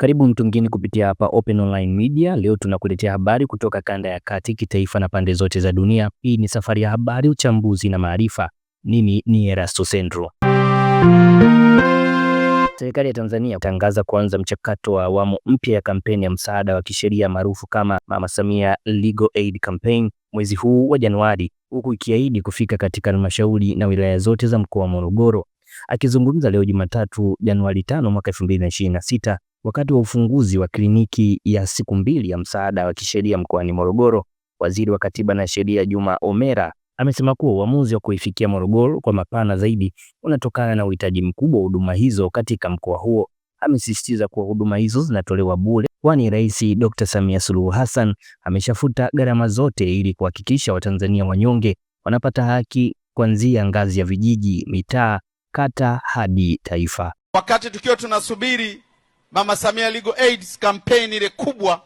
Karibu mtu mgeni kupitia hapa Open Online Media. Leo tunakuletea habari kutoka kanda ya kati, kitaifa na pande zote za dunia. Hii ni safari ya habari, uchambuzi na maarifa. Mimi ni Erasto Sendro. Serikali ya Tanzania tangaza kuanza mchakato wa awamu mpya ya kampeni ya msaada wa kisheria maarufu kama Mama Samia Legal Aid Campaign mwezi huu wa Januari, huku ikiahidi kufika katika halmashauri na wilaya zote za mkoa wa Morogoro. Akizungumza leo Jumatatu Januari 5 mwaka 2026, Wakati wa ufunguzi wa kliniki ya siku mbili ya msaada wa kisheria mkoani Morogoro, waziri wa katiba na sheria Juma Omera amesema kuwa uamuzi wa kuifikia Morogoro kwa mapana zaidi unatokana na uhitaji mkubwa wa huduma hizo katika mkoa huo. Amesisitiza kuwa huduma hizo zinatolewa bure, kwani Rais Dr. Samia Suluhu Hassan ameshafuta gharama zote ili kuhakikisha Watanzania wanyonge wanapata haki kuanzia ngazi ya vijiji, mitaa, kata hadi taifa. Wakati tukiwa tunasubiri Mama Samia Legal Aids campaign ile kubwa,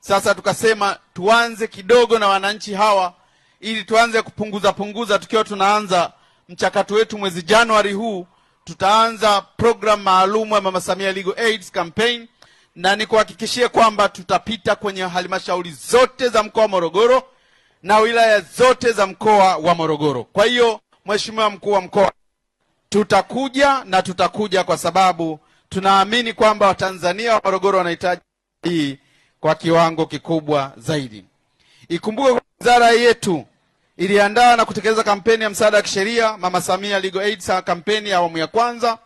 sasa tukasema tuanze kidogo na wananchi hawa, ili tuanze kupunguza punguza. Tukiwa tunaanza mchakato wetu mwezi Januari huu, tutaanza programu maalum ya Mama Samia Legal Aids campaign, na nikuhakikishie kwamba tutapita kwenye halmashauri zote za mkoa wa Morogoro na wilaya zote za mkoa wa Morogoro. Kwa hiyo, Mheshimiwa mkuu wa mkoa, tutakuja na tutakuja kwa sababu tunaamini kwamba Watanzania wa Morogoro wanahitaji hii kwa kiwango kikubwa zaidi. Ikumbuke wizara yetu iliandaa na kutekeleza kampeni ya msaada wa kisheria Mama Samia Legal Aid sa kampeni ya awamu ya kwanza,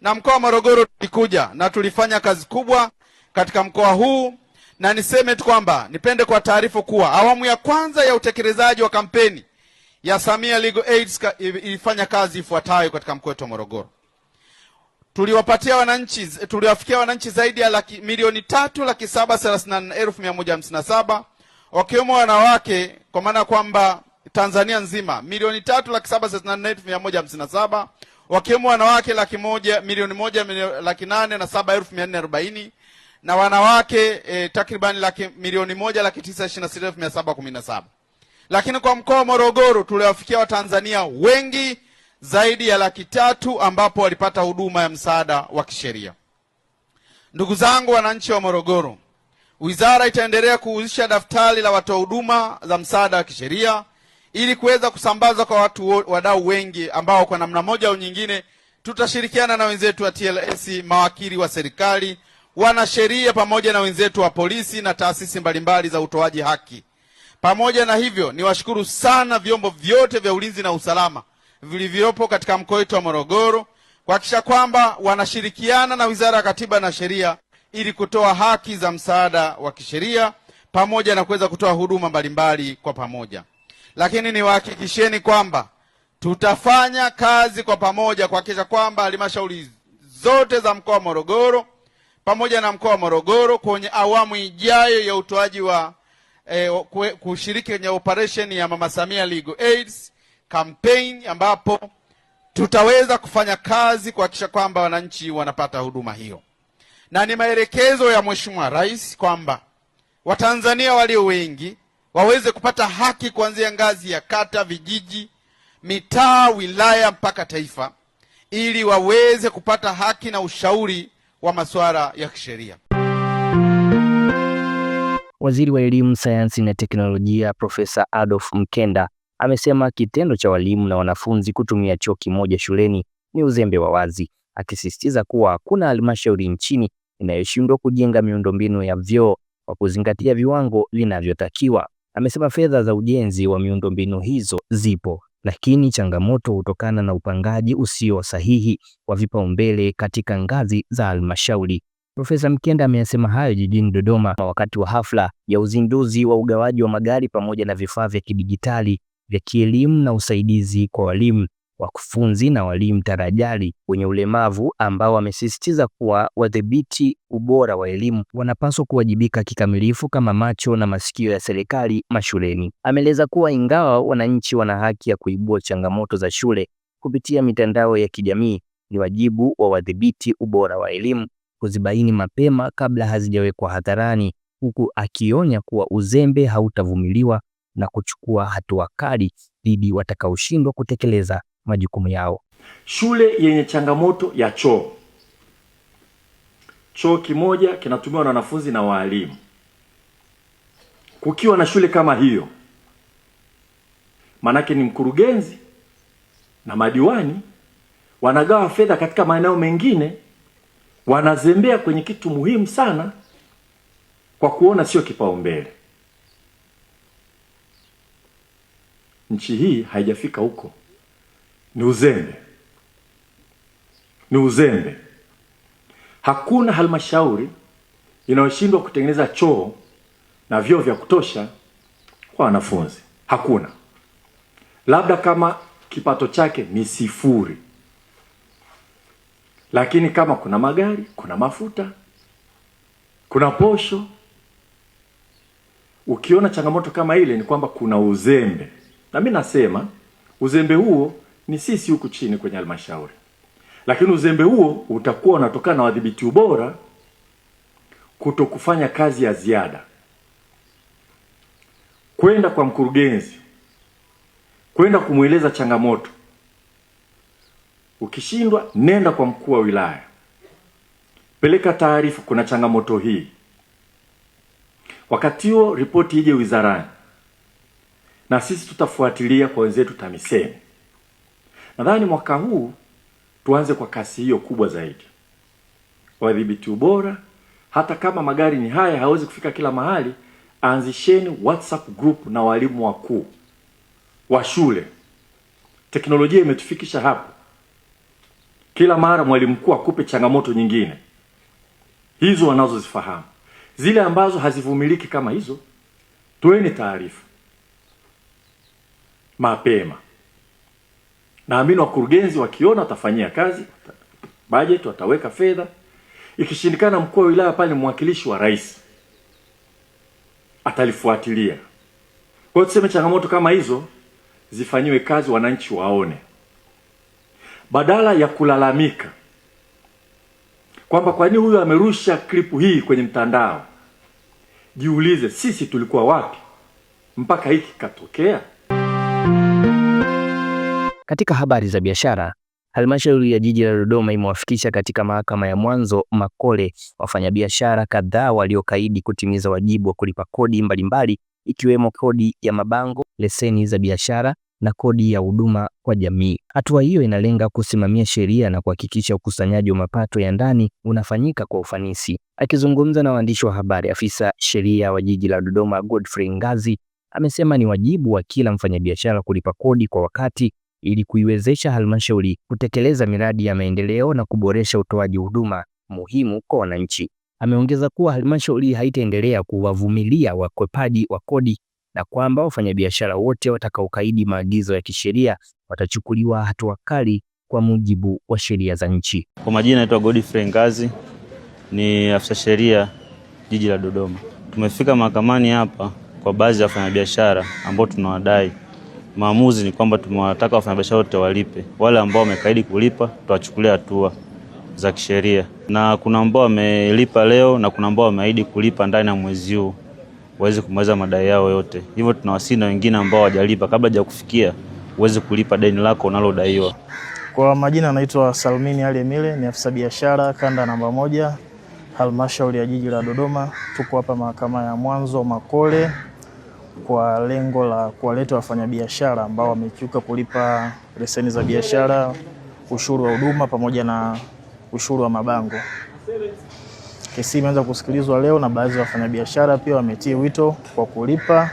na mkoa wa Morogoro tulikuja na tulifanya kazi kubwa katika mkoa huu, na niseme tu kwamba nipende kwa taarifa kuwa awamu ya kwanza ya utekelezaji wa kampeni ya Samia Legal Aid ilifanya kazi ifuatayo katika mkoa wetu wa Morogoro tuliwapatia wananchi, tuliwafikia wananchi zaidi ya laki, milioni tatu laki saba thelathini na elfu mia moja hamsini na saba wakiwemo wanawake, kwa maana kwamba Tanzania nzima milioni tatu laki saba thelathini na elfu mia moja hamsini na saba wakiwemo wanawake laki moja milioni moja laki nane na saba elfu mia nne arobaini na wanawake e, takribani laki, milioni moja laki tisa ishirini na sita elfu mia saba kumi na saba. Lakini kwa mkoa wa Morogoro tuliwafikia Watanzania wengi zaidi ya laki tatu ambapo walipata huduma ya msaada wa kisheria. Ndugu zangu wananchi wa Morogoro, wizara itaendelea kuhuzisha daftari la watoa huduma za msaada wa kisheria ili kuweza kusambaza kwa watu wadau wengi ambao kwa namna moja au nyingine tutashirikiana na wenzetu wa TLS, mawakili wa serikali, wanasheria pamoja na wenzetu wa polisi na taasisi mbalimbali za utoaji haki. Pamoja na hivyo, niwashukuru sana vyombo vyote vya ulinzi na usalama vilivyopo katika mkoa wetu wa Morogoro kuhakikisha kwamba wanashirikiana na Wizara ya Katiba na Sheria ili kutoa haki za msaada wa kisheria pamoja na kuweza kutoa huduma mbalimbali kwa pamoja. Lakini niwahakikisheni kwamba tutafanya kazi kwa pamoja kuhakikisha kwamba halmashauri zote za mkoa wa Morogoro pamoja na mkoa wa Morogoro kwenye awamu ijayo ya utoaji wa eh, kushiriki kwenye operesheni ya Mama Samia Legal Aids campaign ambapo tutaweza kufanya kazi kuhakikisha kwamba wananchi wanapata huduma hiyo, na ni maelekezo ya Mheshimiwa Rais kwamba Watanzania walio wengi waweze kupata haki kuanzia ngazi ya kata, vijiji, mitaa, wilaya mpaka taifa ili waweze kupata haki na ushauri wa masuala ya kisheria. Waziri wa Elimu, Sayansi na Teknolojia Profesa Adolf Mkenda Amesema kitendo cha walimu na wanafunzi kutumia choo kimoja shuleni ni uzembe wa wazi, akisisitiza kuwa hakuna halmashauri nchini inayoshindwa kujenga miundombinu ya vyoo kwa kuzingatia viwango vinavyotakiwa. Amesema fedha za ujenzi wa miundombinu hizo zipo, lakini changamoto hutokana na upangaji usio sahihi wa vipaumbele katika ngazi za halmashauri. Profesa Mkenda ameyasema hayo jijini Dodoma wakati wa hafla ya uzinduzi wa ugawaji wa magari pamoja na vifaa vya kidijitali vya kielimu na usaidizi kwa walimu, wakufunzi na walimu tarajali wenye ulemavu ambao wamesisitiza kuwa wadhibiti ubora wa elimu wanapaswa kuwajibika kikamilifu kama macho na masikio ya serikali mashuleni. Ameeleza kuwa ingawa wananchi wana haki ya kuibua changamoto za shule kupitia mitandao ya kijamii, ni wajibu wa wadhibiti ubora wa elimu kuzibaini mapema kabla hazijawekwa hadharani, huku akionya kuwa uzembe hautavumiliwa na kuchukua hatua kali dhidi watakaoshindwa kutekeleza majukumu yao. Shule yenye changamoto ya choo, choo kimoja kinatumiwa na wanafunzi na waalimu. Kukiwa na shule kama hiyo, maanake ni mkurugenzi na madiwani wanagawa fedha katika maeneo mengine, wanazembea kwenye kitu muhimu sana kwa kuona sio kipaumbele. nchi hii haijafika huko. Ni uzembe, ni uzembe. Hakuna halmashauri inayoshindwa kutengeneza choo na vyoo vya kutosha kwa wanafunzi, hakuna. Labda kama kipato chake ni sifuri, lakini kama kuna magari, kuna mafuta, kuna posho. Ukiona changamoto kama ile, ni kwamba kuna uzembe. Na mi nasema uzembe huo ni sisi huku chini kwenye halmashauri, lakini uzembe huo utakuwa unatokana na wadhibiti ubora kuto kufanya kazi ya ziada, kwenda kwa mkurugenzi, kwenda kumweleza changamoto. Ukishindwa nenda kwa mkuu wa wilaya, peleka taarifa, kuna changamoto hii, wakati huo ripoti ije wizarani na sisi tutafuatilia kwa wenzetu TAMISEMI. Nadhani mwaka huu tuanze kwa kasi hiyo kubwa zaidi, wadhibiti ubora. Hata kama magari ni haya hawezi kufika kila mahali, anzisheni WhatsApp group na walimu wakuu wa shule. Teknolojia imetufikisha hapo, kila mara mwalimu mkuu akupe changamoto nyingine, hizo wanazozifahamu, zile ambazo hazivumiliki kama hizo, toeni taarifa mapema. Naamini wakurugenzi wakiona watafanyia kazi bajeti, wataweka fedha. Ikishindikana, mkuu wa wilaya pale mwakilishi wa rais atalifuatilia. Kwa hiyo tuseme changamoto kama hizo zifanyiwe kazi, wananchi waone, badala ya kulalamika kwamba kwa nini huyu amerusha klipu hii kwenye mtandao. Jiulize, sisi tulikuwa wapi mpaka hiki katokea? Katika habari za biashara, halmashauri ya jiji la Dodoma imewafikisha katika mahakama ya mwanzo Makole wafanyabiashara kadhaa waliokaidi kutimiza wajibu wa kulipa kodi mbalimbali ikiwemo kodi ya mabango, leseni za biashara na kodi ya huduma kwa jamii. Hatua hiyo inalenga kusimamia sheria na kuhakikisha ukusanyaji wa mapato ya ndani unafanyika kwa ufanisi. Akizungumza na waandishi wa habari, afisa sheria wa jiji la Dodoma Godfrey Ngazi amesema ni wajibu wa kila mfanyabiashara kulipa kodi kwa wakati ili kuiwezesha halmashauri kutekeleza miradi ya maendeleo na kuboresha utoaji huduma muhimu kwa wananchi. Ameongeza kuwa halmashauri haitaendelea kuwavumilia wakwepaji wa kodi na kwamba wafanyabiashara wote watakaokaidi maagizo ya kisheria watachukuliwa hatua kali kwa mujibu wa sheria za nchi. Kwa majina, naitwa Godfrey Ngazi, ni afisa sheria jiji la Dodoma. Tumefika mahakamani hapa kwa baadhi ya wafanyabiashara ambao tunawadai maamuzi ni kwamba tumewataka wafanyabiashara wote walipe. Wale ambao wamekaidi kulipa tutawachukulia hatua za kisheria, na kuna ambao wamelipa leo na kuna ambao wameahidi kulipa ndani ya mwezi huu waweze kumaliza madai yao yote. Hivyo tunawasii na wengine ambao hawajalipa kabla ya kufikia uweze kulipa deni lako unalodaiwa. Kwa majina anaitwa Salmini Ali Emile, ni afisa biashara kanda namba moja halmashauri ya jiji la Dodoma. Tuko hapa mahakama ya mwanzo Makole kwa lengo la kuwaleta wafanyabiashara ambao wamekiuka kulipa leseni za biashara, ushuru wa huduma pamoja na ushuru wa mabango. Kesi imeanza kusikilizwa leo na baadhi ya wafanyabiashara pia wametii wito kwa kulipa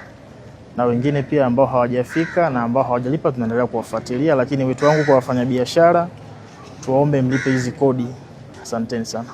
na wengine pia ambao hawajafika na ambao hawajalipa tunaendelea kuwafuatilia, lakini wito wangu kwa wafanyabiashara, tuwaombe mlipe hizi kodi. Asanteni sana.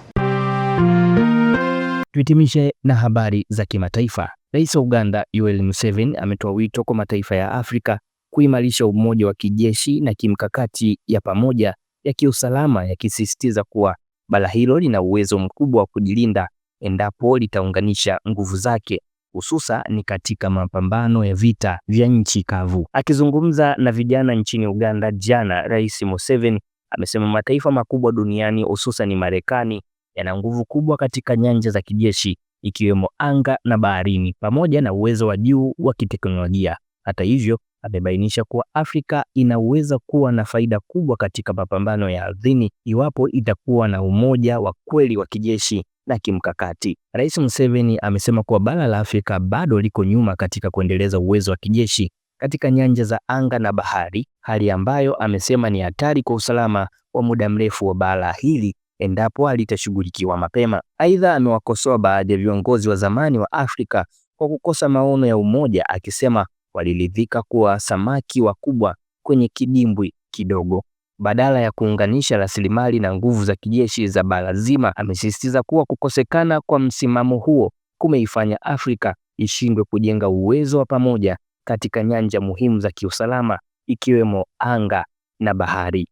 Tuhitimishe na habari za kimataifa. Rais wa Uganda Yoweri Museveni ametoa wito kwa mataifa ya Afrika kuimarisha umoja wa kijeshi na kimkakati ya pamoja ya kiusalama, yakisisitiza kuwa bara hilo lina uwezo mkubwa wa kujilinda endapo litaunganisha nguvu zake hususa ni katika mapambano ya vita vya nchi kavu. Akizungumza na vijana nchini Uganda jana, Rais Museveni amesema mataifa makubwa duniani hususan Marekani yana nguvu kubwa katika nyanja za kijeshi ikiwemo anga na baharini pamoja na uwezo wa juu wa kiteknolojia. Hata hivyo, amebainisha kuwa Afrika inaweza kuwa na faida kubwa katika mapambano ya ardhini iwapo itakuwa na umoja wa kweli wa kijeshi na kimkakati. Rais Museveni amesema kuwa bara la Afrika bado liko nyuma katika kuendeleza uwezo wa kijeshi katika nyanja za anga na bahari, hali ambayo amesema ni hatari kwa usalama wa muda mrefu wa bara hili endapo alitashughulikiwa mapema. Aidha, amewakosoa baadhi ya viongozi wa zamani wa Afrika kwa kukosa maono ya umoja, akisema waliridhika kuwa samaki wakubwa kwenye kidimbwi kidogo badala ya kuunganisha rasilimali na nguvu za kijeshi za bara zima. Amesisitiza kuwa kukosekana kwa msimamo huo kumeifanya Afrika ishindwe kujenga uwezo wa pamoja katika nyanja muhimu za kiusalama ikiwemo anga na bahari.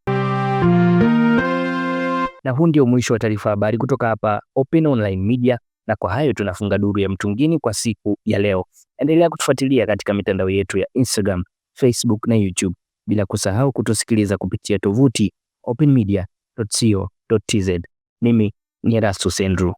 Na huu ndio mwisho wa taarifa habari kutoka hapa Open Online Media, na kwa hayo tunafunga duru ya mtungini kwa siku ya leo. Endelea kutufuatilia katika mitandao yetu ya Instagram, Facebook na YouTube, bila kusahau kutusikiliza kupitia tovuti openmedia.co.tz. Mimi ni Erastus Andrew.